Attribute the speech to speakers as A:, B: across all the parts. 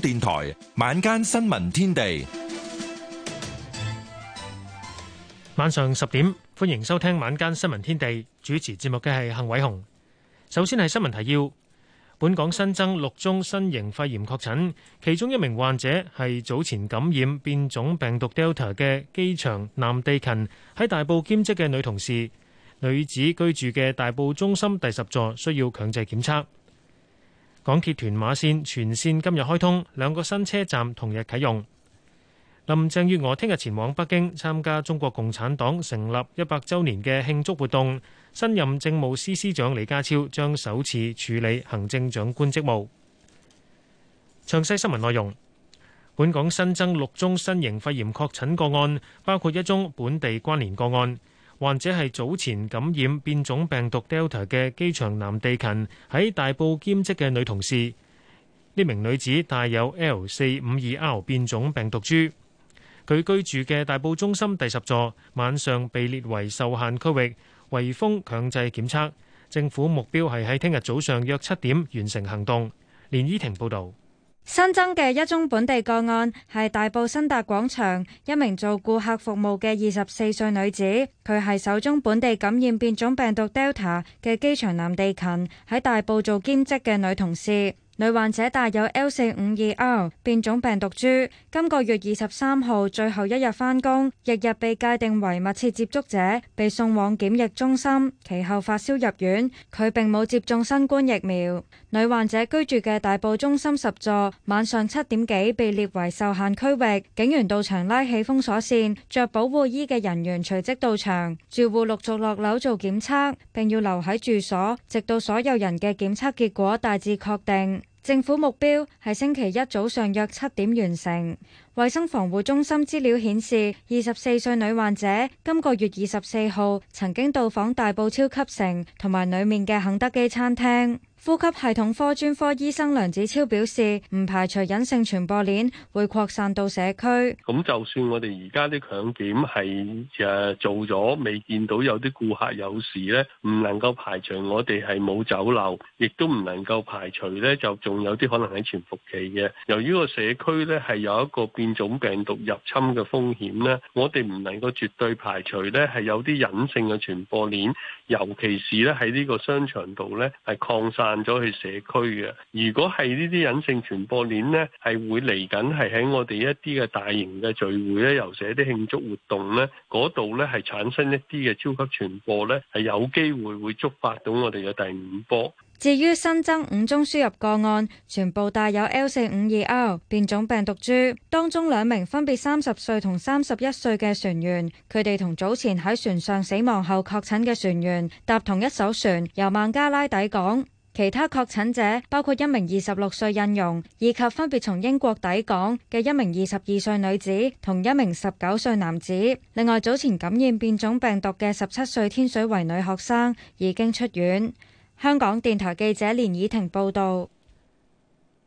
A: 電台晚
B: 間新聞天地，晚上十點歡迎收聽晚間新聞天地主持節目嘅係幸偉雄。首先係新聞提要：本港新增六宗新型肺炎確診，其中一名患者係早前感染變種病毒 Delta 嘅機場男地勤，喺大埔兼職嘅女同事，女子居住嘅大埔中心第十座需要強制檢測。港鐵屯馬線全線今日開通，兩個新車站同日啟用。林鄭月娥聽日前往北京參加中國共產黨成立一百週年嘅慶祝活動。新任政務司司長李家超將首次處理行政長官職務。詳細新聞內容。本港新增六宗新型肺炎確診個案，包括一宗本地關聯個案。患者係早前感染變種病毒 Delta 嘅機場男地勤，喺大埔兼職嘅女同事。呢名女子帶有 L 四五二 R 變種病毒株，佢居住嘅大埔中心第十座晚上被列為受限區域，圍封強制檢測。政府目標係喺聽日早上約七點完成行動。連依婷報道。
C: 新增嘅一宗本地個案係大埔新達廣場一名做顧客服務嘅二十四歲女子，佢係首宗本地感染變種病毒 Delta 嘅機場男地勤喺大埔做兼職嘅女同事。女患者帶有 L 四五二 R 變種病毒株，今個月二十三號最後一日返工，日日被界定為密切接觸者，被送往檢疫中心，其後發燒入院，佢並冇接種新冠疫苗。女患者居住嘅大埔中心十座，晚上七點幾被列為受限區域，警員到場拉起封鎖線，着保護衣嘅人員隨即到場，住戶陸續落樓做檢測，並要留喺住所，直到所有人嘅檢測結果大致確定。政府目標係星期一早上約七點完成。衛生防護中心資料顯示，二十四歲女患者今個月二十四號曾經到訪大埔超級城同埋裏面嘅肯德基餐廳。呼吸系統科專科醫生梁子超表示：唔排除隱性傳播鏈會擴散到社區，
B: 咁就算我哋而家啲強檢係誒做咗，未見到有啲顧客有事咧，唔能夠排除我哋係冇走漏，亦都唔能夠排除咧就仲有啲可能喺潛伏期嘅。由於個社區咧係有一個變種病毒入侵嘅風險咧，我哋唔能夠絕對排除咧
A: 係有啲隱性嘅傳播鏈，尤其是咧喺呢個商場度咧係擴
B: 散。散咗去社區嘅。如果係呢啲隱性傳播鏈呢係會嚟緊，係喺我哋一啲嘅大型嘅聚會咧，又或者啲慶祝活動咧，嗰度咧係產生一啲嘅超級傳播咧，係有機會會觸發到我哋嘅第五波。
C: 至於新增五宗輸入個案，全部帶有 L 四五二 R 變種病毒株，當中兩名分別三十歲同三十一歲嘅船員，佢哋同早前喺船上死亡後確診嘅船員搭同一艘船，由孟加拉抵港。其他確診者包括一名二十六歲印傭，以及分別從英國抵港嘅一名二十二歲女子同一名十九歲男子。另外，早前感染變種病毒嘅十七歲天水圍女學生已經出院。香港電台記者連以婷報導。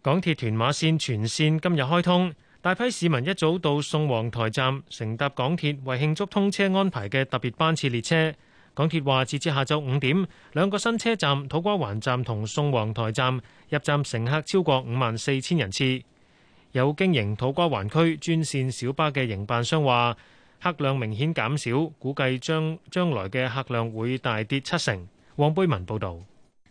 B: 港鐵屯馬線全線今日開通，大批市民一早到宋皇臺站，乘搭港鐵為慶祝通車安排嘅特別班次列車。港鐵話：截至下晝五點，兩個新車站土瓜灣站同宋皇台站入站乘客超過五萬四千人次。有經營土瓜灣區專線小巴嘅營辦商話，客量明顯減少，估計將將來嘅客量會大跌七成。黃貝文報道。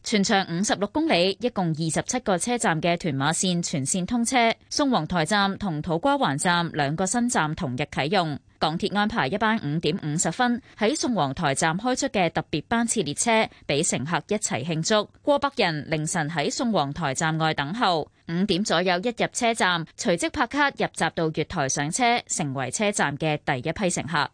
D: 全長五十六公里，一共二十七個車站嘅屯馬線全線通車，宋皇台站同土瓜灣站兩個新站同日啟用。港鐵安排一班五點五十分喺宋皇台站開出嘅特別班次列車，俾乘客一齊慶祝。過百人凌晨喺宋皇台站外等候，五點左右一入車站，隨即拍卡入閘到月台上車，成為車站嘅第一批乘客。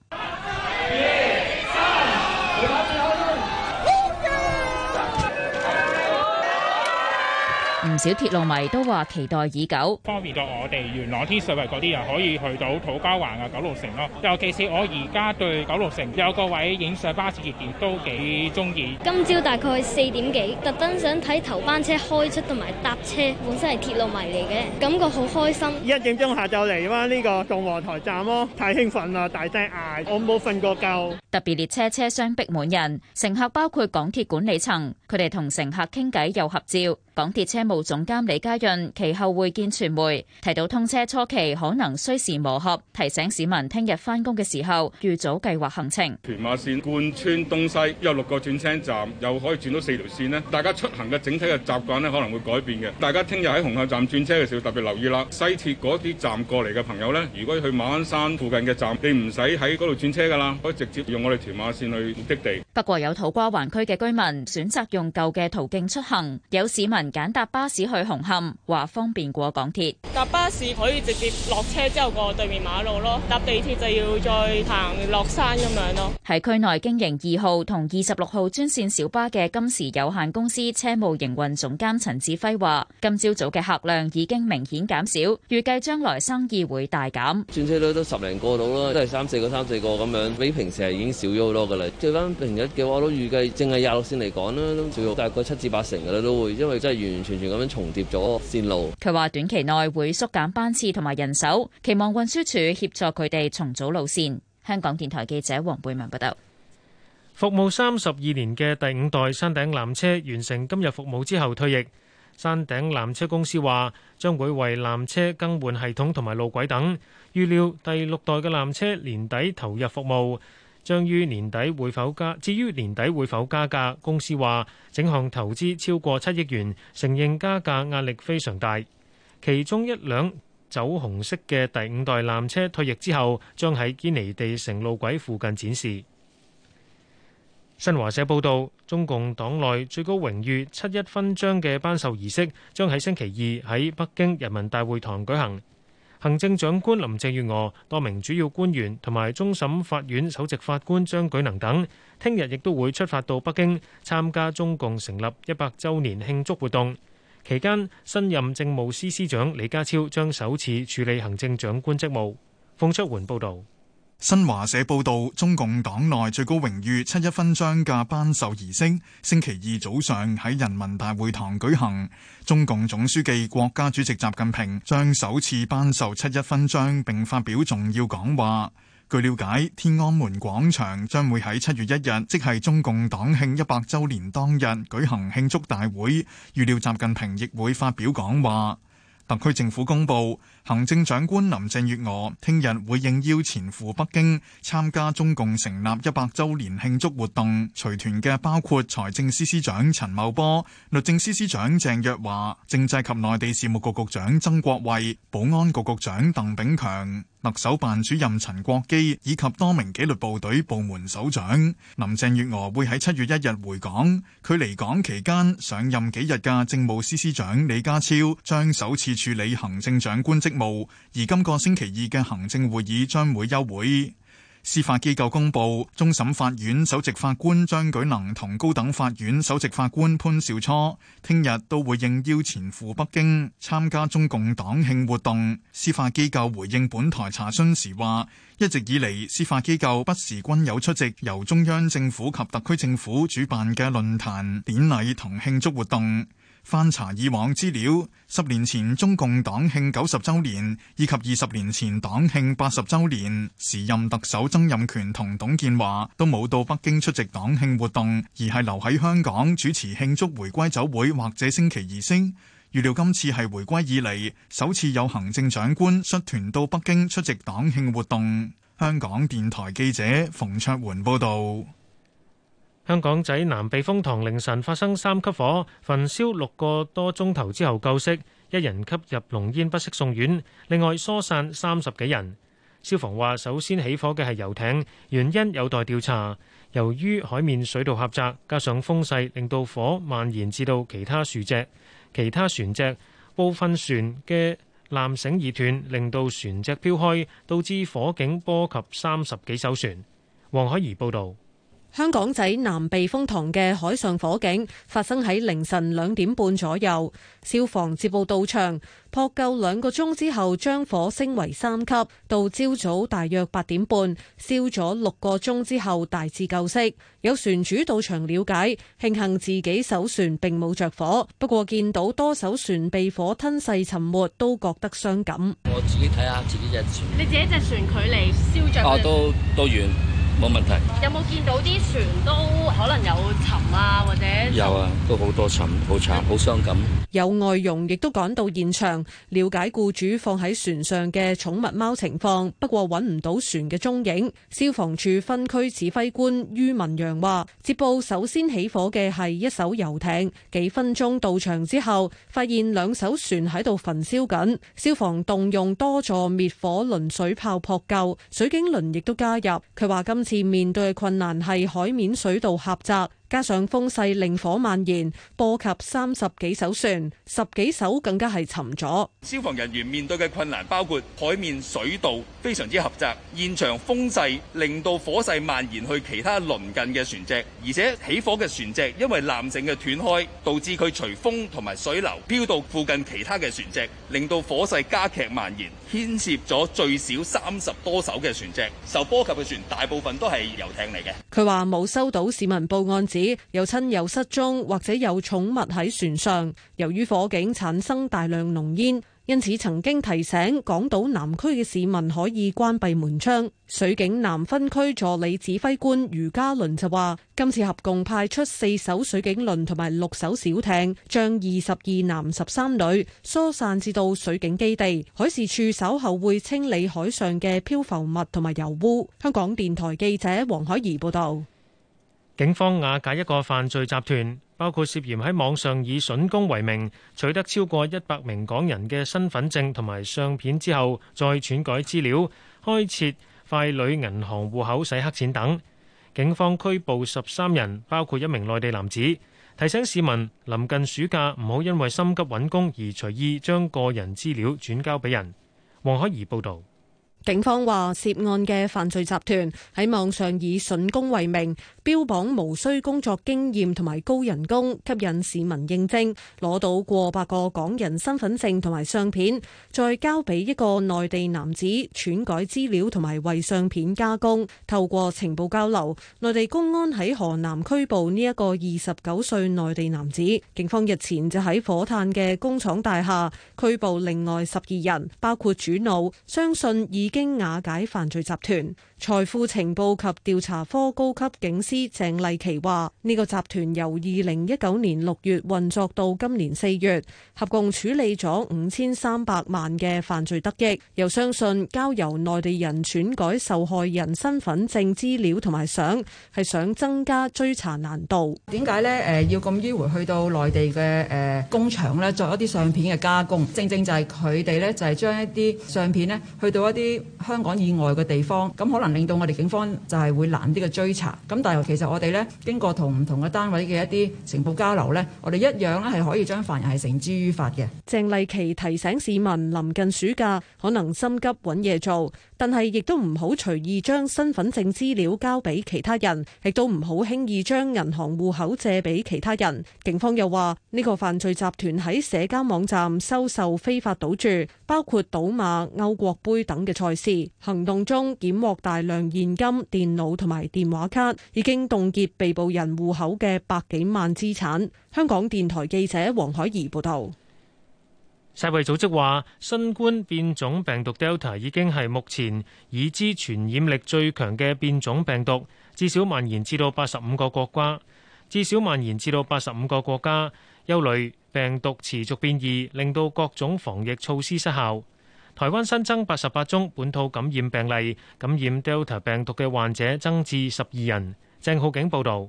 D: 唔少鐵路迷都話期待已久，方便到我哋元朗天
A: 水圍嗰啲人可以去到土瓜灣啊九龍城咯。尤其是我而家對九龍城有
E: 個位影相巴士熱點，都幾中意。
D: 今朝大概四點幾，特登想睇頭班車開出同埋搭車，本身係鐵路迷嚟嘅，
A: 感覺好開心。一點鐘下晝嚟啦，呢、這個宋皇台站咯，太興奮啦，大聲嗌，我冇瞓過覺。
D: 特別列車車廂逼滿人，乘客包括港鐵管理層。佢哋同乘客傾偈又合照。港鐵車務總監李家潤其後會見傳媒，提到通車初期可能需時磨合，提醒市民聽日返工嘅時候預早計劃行程。
A: 屯馬線貫穿東西，有六個轉車站，又可以轉到四條線呢。大家出行嘅整體嘅習慣呢，可能會改變嘅。大家聽日喺紅磡站轉車嘅時候，特別留意啦。西鐵嗰啲站過嚟嘅朋友呢，如果去馬鞍山附近嘅站，你唔使喺嗰度轉車噶啦，可以直接用我哋屯馬線去目的地。
D: 不過有土瓜灣區嘅居民選擇。用舊嘅途徑出行，有市民揀搭巴士去紅磡，話方便過港鐵。
E: 搭巴士可以直接落車之後過對面馬路咯，搭地鐵就要再行落山咁樣咯。喺
D: 區內經營二號同二十六號專線小巴嘅金時有限公司車務營運總監陳志輝話，今朝早嘅客量已經明顯減少，預計將來生意會大減。轉車率都都
F: 十零個度啦，都係三四個、三四個咁樣，比平時係已經少咗好多噶啦。最翻平日嘅話，我都預計淨係廿六線嚟講啦。大概七至八成嘅啦，都會因為真係完完全全咁樣重疊咗線路。
D: 佢話短期內會縮減班次同埋人手，期望運輸署協助佢哋重組路線。香港電台記者黃貝文報道。
B: 服務三十二年嘅第五代山頂纜車完成今日服務之後退役。山頂纜車公司話將會為纜車更換系統同埋路軌等，預料第六代嘅纜車年底投入服務。將於年底會否加？至於年底會否加價，公司話整項投資超過七億元，承認加價壓力非常大。其中一輛酒紅色嘅第五代纜車退役之後，將喺堅尼地城路軌附近展示。新華社報道，中共黨內最高榮譽七一勳章嘅頒授儀式將喺星期二喺北京人民大會堂舉行。行政長官林鄭月娥、多名主要官員同埋終審法院首席法官張舉能等，聽日亦都會出發到北京參加中共成立一百週年慶祝活動。期間，新任政務司司長李家超將首次處理行政長官職務。馮卓桓報導。
A: 新華社報道，中共黨內最高榮譽七一勳章嘅頒授儀式，星期二早上喺人民大會堂舉行。中共總書記、國家主席習近平將首次頒授七一勳章，並發表重要講話。據了解，天安門廣場將會喺七月一日，即係中共黨慶一百周年當日舉行慶祝大會，預料習近平亦會發表講話。特區政府公布。行政長官林鄭月娥聽日會應邀前赴北京參加中共成立一百周年慶祝活動，隨團嘅包括財政司司長陳茂波、律政司司長鄭若驊、政制及內地事務局局長曾國衛、保安局局長鄧炳強、特首辦主任陳國基以及多名紀律部隊部門首長。林鄭月娥會喺七月一日回港，佢離港期間上任幾日嘅政務司司長李家超，將首次處理行政長官職務務而今個星期二嘅行政會議將會休會。司法機構公布，終審法院首席法官張舉能同高等法院首席法官潘兆初聽日都會應邀前赴北京參加中共黨慶活動。司法機構回應本台查詢時話，一直以嚟司法機構不時均有出席由中央政府及特區政府主辦嘅論壇、典禮同慶祝活動。翻查以往資料，十年前中共黨慶九十週年以及二十年前黨慶八十週年，時任特首曾蔭權同董建華都冇到北京出席黨慶活動，而係留喺香港主持慶祝回歸酒會或者升旗儀式。預料今次係回歸以嚟首次有行政長官率團到北京出席黨慶活動。香港電台記者馮卓媛報道。
B: 香港仔南避風塘凌晨發生三級火，焚燒六個多鐘頭之後救熄，一人吸入濃煙不適送院。另外疏散三十幾人。消防話，首先起火嘅係遊艇，原因有待調查。由於海面水道狹窄，加上風勢，令到火蔓延至到其他樹隻、其他船隻。部分船嘅纜繩已斷，令到船隻漂開，導致火警波及三十幾艘船。黃海怡報導。
F: 香港仔南避風塘嘅海上火警發生喺凌晨兩點半左右，消防接報到場，撲救兩個鐘之後將火升為三級，到朝早大約八點半，燒咗六個鐘之後大致救熄。有船主到場了解，慶幸自己艘船並冇着火，不過見到多艘船被火吞噬沉沒都覺得傷感。我自己睇下
E: 自己隻船，
F: 你自己隻船距離燒着？啊，都
E: 都遠。冇問題。
F: 有冇見到啲船都可能有沉啊，或者有
E: 啊，都好多沉，好慘，好
F: 傷感。有外佣亦都趕到現場，了解雇主放喺船上嘅寵物貓情況，不過揾唔到船嘅蹤影。消防處分區指揮官于文洋話，接報首先起火嘅係一艘遊艇，幾分鐘到場之後，發現兩艘船喺度焚燒緊。消防動用多座滅火輪水炮撲救，水警輪亦都加入。佢話今次面對困難，係海面水道狹窄。加上風勢令火蔓延，波及三十幾艘船，十幾艘更加係沉咗。
A: 消防人員面對嘅困難包括海面水道非常之狹窄，現場風勢令到火勢蔓延去其他鄰近嘅船隻，而且起火嘅船隻因為纜繩嘅斷開，導致佢隨風同埋水流飄到附近其他嘅船隻，令到火勢加劇蔓延，牽涉咗最少三十多艘嘅船隻。受波及嘅船大部分都係遊艇嚟嘅。
F: 佢話冇收到市民報案。有親友失蹤，或者有寵物喺船上。由於火警產生大量濃煙，因此曾經提醒港島南區嘅市民可以關閉門窗。水警南分區助理指揮官余嘉倫就話，今次合共派出四艘水警輪同埋六艘小艇，將二十二男十三女疏散至到水警基地。海事處稍後會清理海上嘅漂浮物同埋油污。香港電台記者黃海怡報道。
B: 警方瓦解一個犯罪集團，包括涉嫌喺網上以筍工為名取得超過一百名港人嘅身份證同埋相片之後再篡改資料，開設傀儡銀行戶口洗黑錢等。警方拘捕十三人，包括一名內地男子。提醒市民臨近暑假，唔好因為心急揾工而隨意將個人資料轉交俾人。黃海怡報道。
F: 警方話，涉案嘅犯罪集團喺網上以筍工為名，標榜無需工作經驗同埋高人工，吸引市民應徵，攞到過百個港人身份證同埋相片，再交俾一個內地男子篡改資料同埋為相片加工。透過情報交流，內地公安喺河南拘捕呢一個二十九歲內地男子。警方日前就喺火炭嘅工廠大廈拘捕另外十二人，包括主腦。相信以。經瓦解犯罪集團。財富情報及調查科高級警司鄭麗琪話：呢、這個集團由二零一九年六月運作到今年四月，合共處理咗五千三百萬嘅犯罪得益。又相信交由內地人篡改受害人身份證資料同埋相，係想增加追查難度。點解呢？
G: 誒，要咁迂回去到內地嘅誒、呃、工廠呢做一啲相片嘅加工？正正就係佢哋呢，就係、是、將一啲相片呢去到一啲香港以外嘅地方，咁可能。令到我哋警方就係會難啲嘅追查，咁
F: 但係其實我哋咧經過同唔同嘅單位嘅一啲情報交流咧，我哋一樣咧係可以將犯人係繩之於法嘅。鄭麗琪提醒市民，臨近暑假可能心急揾嘢做，但係亦都唔好隨意將身份證資料交俾其他人，亦都唔好輕易將銀行戶口借俾其他人。警方又話，呢、這個犯罪集團喺社交網站收受非法賭注，包括賭馬、歐國盃等嘅賽事。行動中檢獲大。大量現金、電腦同埋電話卡，已經凍結被捕人戶口嘅百幾萬資產。香港電台記者黃海怡報道。
B: 世衛組織話，新冠變種病毒 Delta 已經係目前已知傳染力最強嘅變種病毒，至少蔓延至到八十五個國家，至少蔓延至到八十五個國家，憂慮病毒持續變異，令到各種防疫措施失效。台灣新增八十八宗本土感染病例，感染 Delta 病毒嘅患者增至十二人。
E: 鄭浩景報道。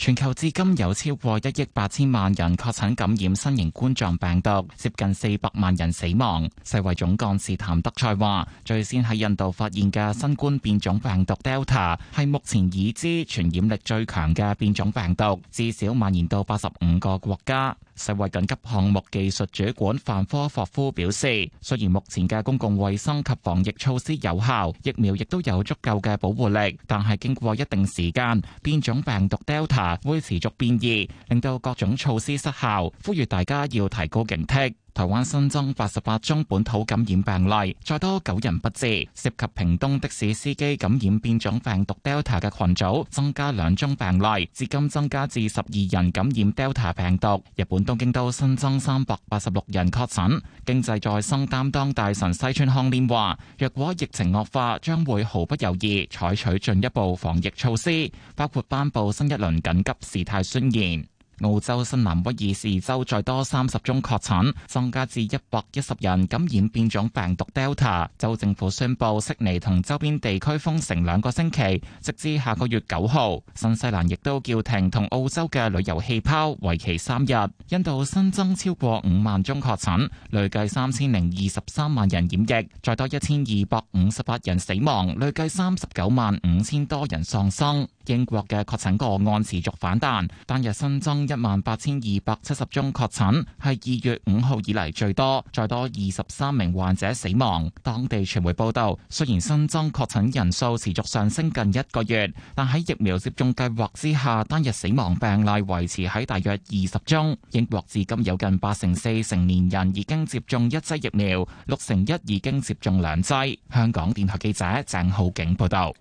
E: 全球至今有超過一億八千萬人確診感染新型冠狀病毒，接近四百萬人死亡。世衛總幹事譚德塞話：最先喺印度發現嘅新冠變種病毒 Delta 係目前已知傳染力最強嘅變種病毒，至少蔓延到八十五個國家。世衛緊急項目技術主管范科霍夫表示：雖然目前嘅公共衛生及防疫措施有效，疫苗亦都有足夠嘅保護力，但係經過一定時間，變種病毒 Delta 會持續變異，令到各種措施失效，呼籲大家要提高警惕。台灣新增八十八宗本土感染病例，再多九人不治，涉及屏東的士司機感染變種病毒 Delta 嘅群組增加兩宗病例，至今增加至十二人感染 Delta 病毒。日本東京都新增三百八十六人確診，經濟再生擔當大臣西村康稔話：若果疫情惡化，將會毫不猶豫採取進一步防疫措施，包括頒布新一輪緊急事態宣言。澳洲新南威爾士州再多三十宗確診，增加至一百一十人感染變種病毒 Delta。州政府宣布悉尼同周邊地區封城兩個星期，直至下個月九號。新西蘭亦都叫停同澳洲嘅旅遊氣泡，為期三日。印度新增超過五萬宗確診，累計三千零二十三萬人染疫，再多一千二百五十八人死亡，累計三十九萬五千多人喪生。英國嘅確診個案持續反彈，單日新增一萬八千二百七十宗確診，係二月五號以嚟最多，再多二十三名患者死亡。當地傳媒報道，雖然新增確診人數持續上升近一個月，但喺疫苗接種計劃之下，單日死亡病例維持喺大約二十宗。英國至今有近八成四成年人已經接種一劑疫苗，六成一已經接種兩劑。香港電台記者鄭浩景報道。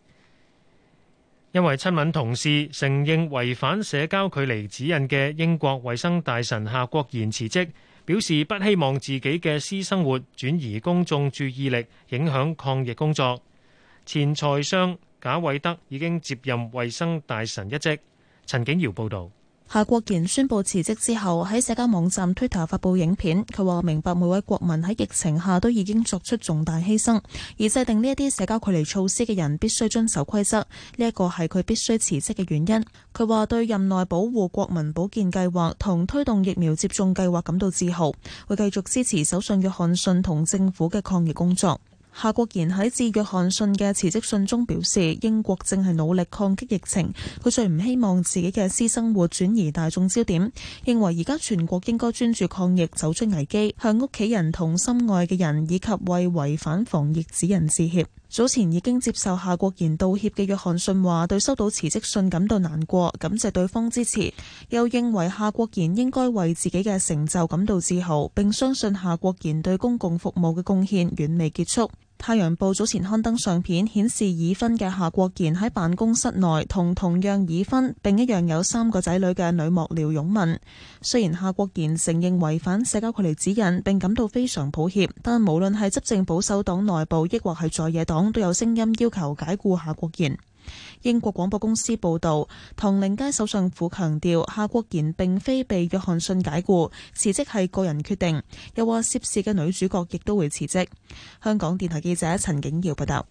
E: 因為親吻同事
B: 承認違反社交距離指引嘅英國衛生大臣夏國賢辭職，表示不希望自己嘅私生活轉移公眾注意力，影響抗疫工作。前財商賈偉德已經接任衛生大臣一職。陳景堯報道。
H: 夏國賢宣布辭職之後，喺社交網站 Twitter 發布影片，佢話明白每位國民喺疫情下都已經作出重大犧牲，而制定呢一啲社交距離措施嘅人必須遵守規則，呢一個係佢必須辭職嘅原因。佢話對任內保護國民保健計劃同推動疫苗接種計劃感到自豪，會繼續支持首相約翰遜同政府嘅抗疫工作。夏國賢喺致約翰遜嘅辭職信中表示，英國正係努力抗擊疫情。佢最唔希望自己嘅私生活轉移大眾焦點，認為而家全國應該專注抗疫，走出危機，向屋企人同心愛嘅人以及為違反防疫指引致歉。早前已經接受夏國賢道歉嘅約翰遜話，對收到辭職信感到難過，感謝對方支持，又認為夏國賢應該為自己嘅成就感到自豪，並相信夏國賢對公共服務嘅貢獻遠未結束。太陽報早前刊登相片，顯示已婚嘅夏國賢喺辦公室內同同樣已婚並一樣有三個仔女嘅女幕僚勇文。雖然夏國賢承認違反社交距離指引，並感到非常抱歉，但無論係執政保守黨內部，抑或係在野黨，都有聲音要求解僱夏國賢。英國廣播公司報道，唐寧街首相府強調，夏國賢並非被約翰遜解雇，辭職係個人決定。又話涉事嘅女主角亦都會辭職。香港電台記者陳景堯報道。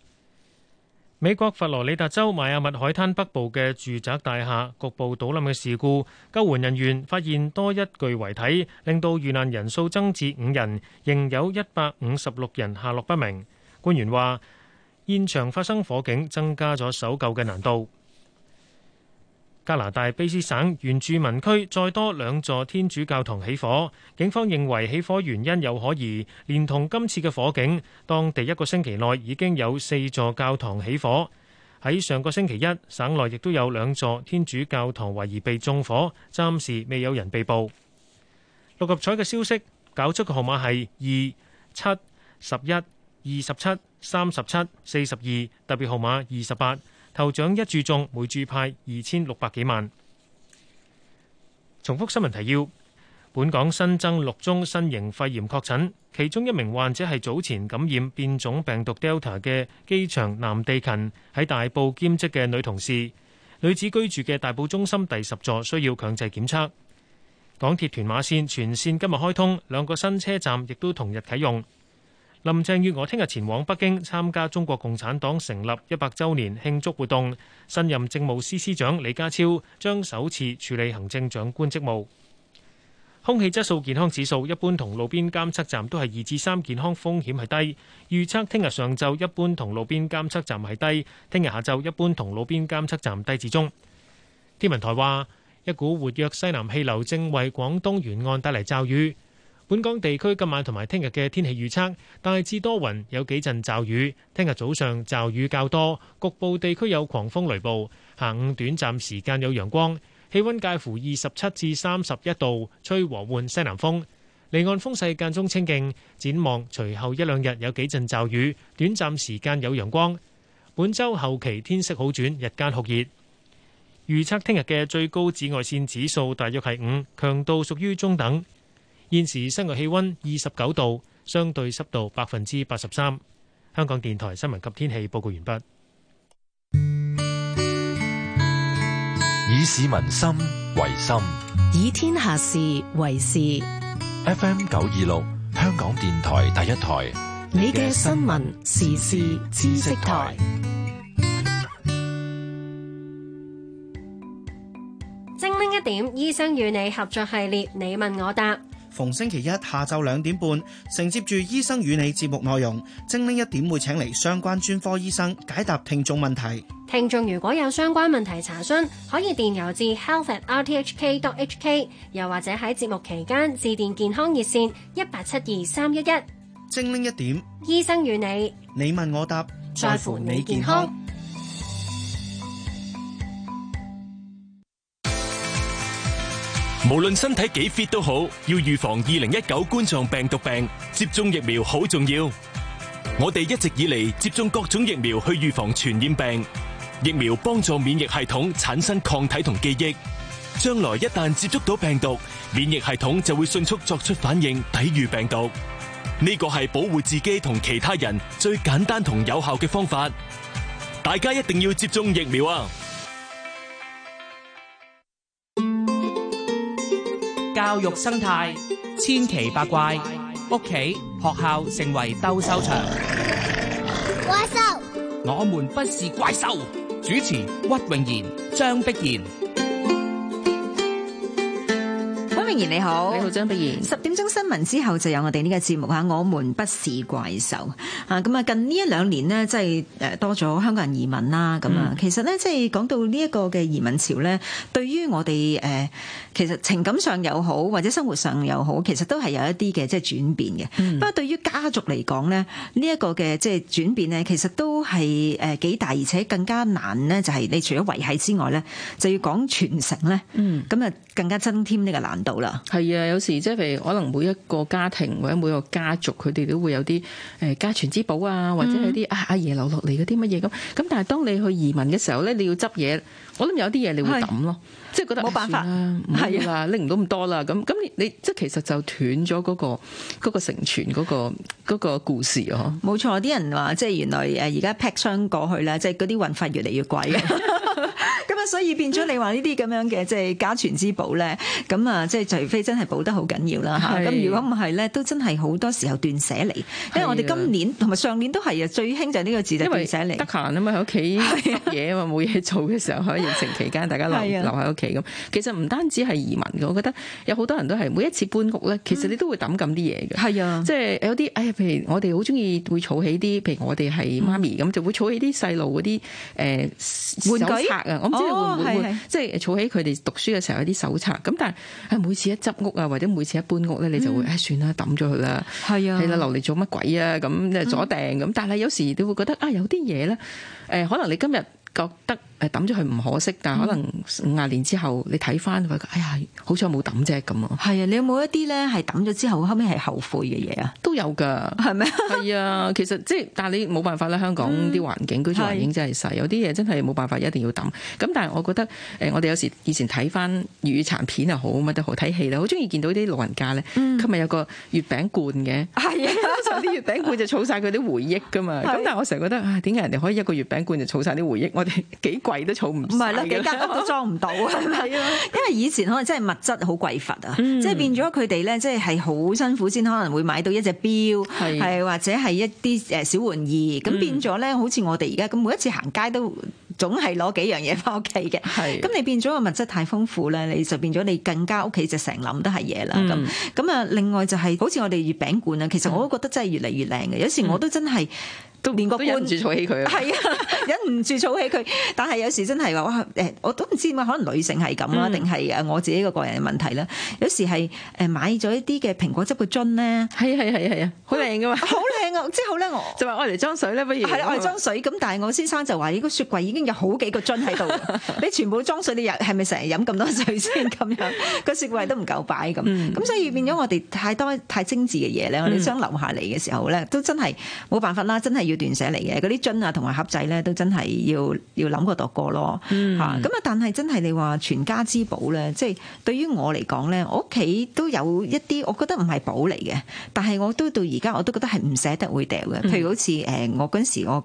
B: 美國佛羅里達州邁阿密海灘北部嘅住宅大廈局部倒冧嘅事故，救援人員發現多一具遺體，令到遇難人數增至五人，仍有一百五十六人下落不明。官員話。現場發生火警，增加咗搜救嘅難度。加拿大卑斯省原住民區再多兩座天主教堂起火，警方認為起火原因有可疑，連同今次嘅火警，當地一個星期內已經有四座教堂起火。喺上個星期一，省內亦都有兩座天主教堂懷疑被縱火，暫時未有人被捕。六合彩嘅消息，搞出個號碼係二七十一二十七、三十七、四十二，特別號碼二十八。頭獎一注中，每注派二千六百幾萬。重複新聞提要：本港新增六宗新型肺炎確診，其中一名患者係早前感染變種病毒 Delta 嘅機場男地勤，喺大埔兼職嘅女同事。女子居住嘅大埔中心第十座需要強制檢測。港鐵屯馬線全線今日開通，兩個新車站亦都同日啟用。林鄭月娥聽日前往北京參加中國共產黨成立一百周年慶祝活動。新任政務司司長李家超將首次處理行政長官職務。空氣質素健康指數一般同路邊監測站都係二至三，健康風險係低。預測聽日上晝一般同路邊監測站係低，聽日下晝一般同路邊監測站低至中。天文台話，一股活躍西南氣流正為廣東沿岸帶嚟驟雨。本港地區今晚同埋聽日嘅天氣預測，大致多雲，有幾陣驟雨。聽日早上驟雨較多，局部地區有狂風雷暴。下午短暫時間有陽光，氣溫介乎二十七至三十一度，吹和緩西南風。離岸風勢間中清勁，展望隨後一兩日有幾陣驟雨，短暫時間有陽光。本周後期天色好轉，日間酷熱。預測聽日嘅最高紫外線指數大約係五，強度屬於中等。現時室外氣溫二十九度，相對濕度百分之八十三。香港電台新聞及天氣報告完畢。
E: 以市民心為心，
F: 以天下事為事。
E: F M 九二六，香港電台第一台，你嘅新聞時事知識台，識台
C: 精靈一點，醫生與你合作系列，你問我答。
E: 逢
A: 星期一下晝兩點半，承接住《醫生與你》節目內容，精靈一點會請嚟相關專科醫生解答聽眾問題。
C: 聽眾如果有相關問題查詢，可以電郵至 health@rthk.hk，又或者喺節目期間致電健康熱線一八七二三一一。精靈一點，醫生與你，
A: 你問我
E: 答，在乎你健康。
B: 無論身體幾 fit 都好，要預防二零一九冠狀病毒病，接種疫苗好重要。我哋一直以嚟，接種各種疫苗去預防傳染病，疫苗幫助免疫系統產生抗
A: 體同記憶，將來一旦接觸到病毒，免疫系統就會迅速作出反應，抵禦病毒。呢個係保護自己同其他人最簡單同
B: 有效嘅方法，大家一定要接種疫苗啊！
E: 教育生態千奇百怪，屋企、學校成為鬥獸場。
B: 怪獸，
E: 我們不是怪獸。主持屈永賢、張碧賢。
I: 你好，你好張碧如。十點鐘新聞之後就有我哋呢個節目吓，我們不是怪獸啊！咁啊，近呢一兩年咧，即係誒多咗香港人移民啦。咁啊、嗯，其實咧，即係講到呢一個嘅移民潮咧，對於我哋誒，其實情感上又好，或者生活上又好，其實都係有一啲嘅即係轉變嘅。嗯、不過對於家族嚟講咧，呢、這、一個嘅即係轉變咧，其實都係誒幾大，而且更加難咧，就係、是、你除咗維繫之外咧，就要講傳承咧。嗯，咁啊，更加增添呢個難度啦。
G: 係啊，有時即係譬如，可能每一個家庭或者每一個家族，佢哋都會有啲誒家傳之寶啊，或者係啲阿阿爺留落嚟嗰啲乜嘢咁。咁但係當你去移民嘅時候咧，你要執嘢。我諗有啲嘢，你會抌咯，
I: 即係覺得冇辦法，係啦，
G: 拎唔到咁多啦，咁咁你即係其實就斷咗嗰個嗰個成傳嗰個嗰個故事咯。
I: 冇錯，啲人話即係原來誒而家劈窗過去啦，即係嗰啲運費越嚟越貴。咁啊，所以變咗你話呢啲咁樣嘅即係家傳之寶咧，咁啊即係除非真係保得好緊要啦。咁如果唔係咧，都真係好多時候斷捨離。因為我哋今年同埋上年都係啊，最興就係呢個字就斷捨離。得閒啊嘛，喺屋企嘢啊嘛，冇嘢做嘅時候可以。疫情期間，大家
G: 留的留喺屋企咁，其實唔單止係移民嘅，我覺得有好多人都係每一次搬屋咧，其實你都會抌緊啲嘢嘅，係啊的，即係有啲，哎呀，譬如我哋好中意會儲起啲，譬如我哋係媽咪咁，就會儲起啲細路嗰啲誒手冊機啊，我唔知、哦、會唔會的即係儲起佢哋讀書嘅時候有啲手冊。咁但係每次一執屋啊，或者每次一搬屋咧，你就會、嗯、哎算啦抌咗佢啦，係啊，係啦，留嚟做乜鬼啊咁，就阻埞咁。嗯、但係有時你會覺得啊，有啲嘢咧，誒、呃，可能你今日覺,覺得。呃呃呃抌咗佢唔可惜，但係可能五廿年之後你睇翻佢，哎呀，好彩冇抌啫咁咯。係啊，你有冇一啲咧係抌咗之
I: 後，後尾係後悔嘅嘢啊？
G: 都有㗎，係咪啊？係啊，其實即係，但係你冇辦法啦。香港啲環境、嗯、居住環境真係細，有啲嘢真係冇辦法一定要抌。咁但係我覺得誒，我哋有時以前睇翻粵語殘片又好乜都好，睇戲咧，好中意見到啲老人家咧。今日有個月餅罐嘅，係啊、嗯，啲 月餅罐就儲晒佢啲回憶㗎嘛。咁的 但係我成日覺得，點解人哋可以一個月餅罐就儲晒啲回憶？我哋幾櫃都儲唔，唔係啦，幾間屋都裝唔
I: 到。係咪啊？因為以前可能真係物質好匱乏，啊、mm，hmm. 即係變咗佢哋咧，即係係好辛苦先可能會買到一隻錶，係是或者係一啲誒小玩意。咁、mm hmm. 變咗咧，好似我哋而家咁，每一次行街都總係攞幾樣嘢返屋企嘅。係咁是，你變咗個物質太豐富咧，你就變咗你更加屋企就成冧都係嘢啦。咁咁啊，hmm. 另外就係、是、好似我哋月餅罐啊，其實我都覺得真係越嚟越靚嘅。Mm hmm. 有時我都真係。都連個搬唔住儲起佢，係啊，忍唔住儲起佢。但係有時真係話哇，誒，我都唔知點解可能女性係咁啦，定係誒我自己個個人嘅問題啦。有時係誒買咗一啲嘅蘋果汁嘅樽咧，係係係啊，好靚噶嘛，好靚啊！即好靚，我就話我嚟裝水咧，不如係我嚟裝水。咁但係我先生就話，呢個雪櫃已經有好幾個樽喺度，你全部裝水，你日係咪成日飲咁多水先咁樣？個雪櫃都唔夠擺咁。咁所以變咗我哋太多太精緻嘅嘢咧，我哋想留下嚟嘅時候咧，都真係冇辦法啦，真係要。段捨嚟嘅，嗰啲樽啊，同埋盒仔咧，都真係要要諗過度過咯，嗯，吓咁啊！但係真係你話全家之寶咧，即係對於我嚟講咧，我屋企都有一啲，我覺得唔係寶嚟嘅，但係我都到而家我都覺得係唔捨得會掉嘅，譬如好似誒，我嗰時我。